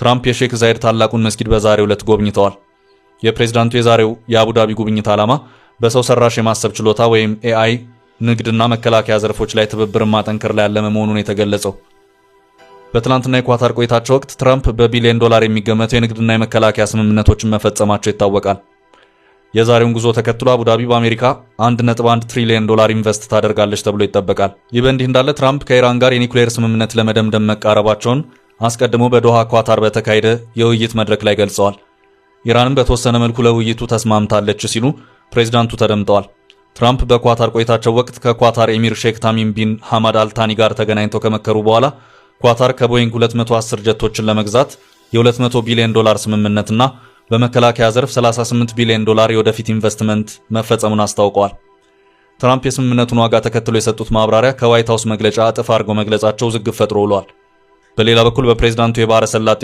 ትራምፕ የሼክ ዛይድ ታላቁን መስጊድ በዛሬው ዕለት ጎብኝተዋል። የፕሬዝዳንቱ የዛሬው የአቡዳቢ ጉብኝት ዓላማ በሰው ሰራሽ የማሰብ ችሎታ ወይም ኤአይ፣ ንግድና መከላከያ ዘርፎች ላይ ትብብርን ማጠንከር ላይ ያለመ መሆኑን የተገለጸው በትናንትና የኳታር ቆይታቸው ወቅት ትራምፕ በቢሊዮን ዶላር የሚገመቱ የንግድና የመከላከያ ስምምነቶችን መፈጸማቸው ይታወቃል። የዛሬውን ጉዞ ተከትሎ አቡዳቢ በአሜሪካ 1.1 ትሪሊዮን ዶላር ኢንቨስት ታደርጋለች ተብሎ ይጠበቃል። ይህ በእንዲህ እንዳለ ትራምፕ ከኢራን ጋር የኒውክሌር ስምምነት ለመደምደም መቃረባቸውን አስቀድሞ በዶሃ ኳታር በተካሄደ የውይይት መድረክ ላይ ገልጸዋል። ኢራንም በተወሰነ መልኩ ለውይይቱ ተስማምታለች ሲሉ ፕሬዝዳንቱ ተደምጠዋል። ትራምፕ በኳታር ቆይታቸው ወቅት ከኳታር ኤሚር ሼክ ታሚም ቢን ሐማድ አልታኒ ጋር ተገናኝተው ከመከሩ በኋላ ኳታር ከቦይንግ 210 ጀቶችን ለመግዛት የ200 ቢሊዮን ዶላር ስምምነትና በመከላከያ ዘርፍ 38 ቢሊዮን ዶላር የወደፊት ኢንቨስትመንት መፈጸሙን አስታውቀዋል። ትራምፕ የስምምነቱን ዋጋ ተከትሎ የሰጡት ማብራሪያ ከዋይት ሀውስ መግለጫ እጥፍ አድርገው መግለጻቸው ዝግብ ፈጥሮ ውሏል። በሌላ በኩል በፕሬዝዳንቱ የባህረ ሰላጤ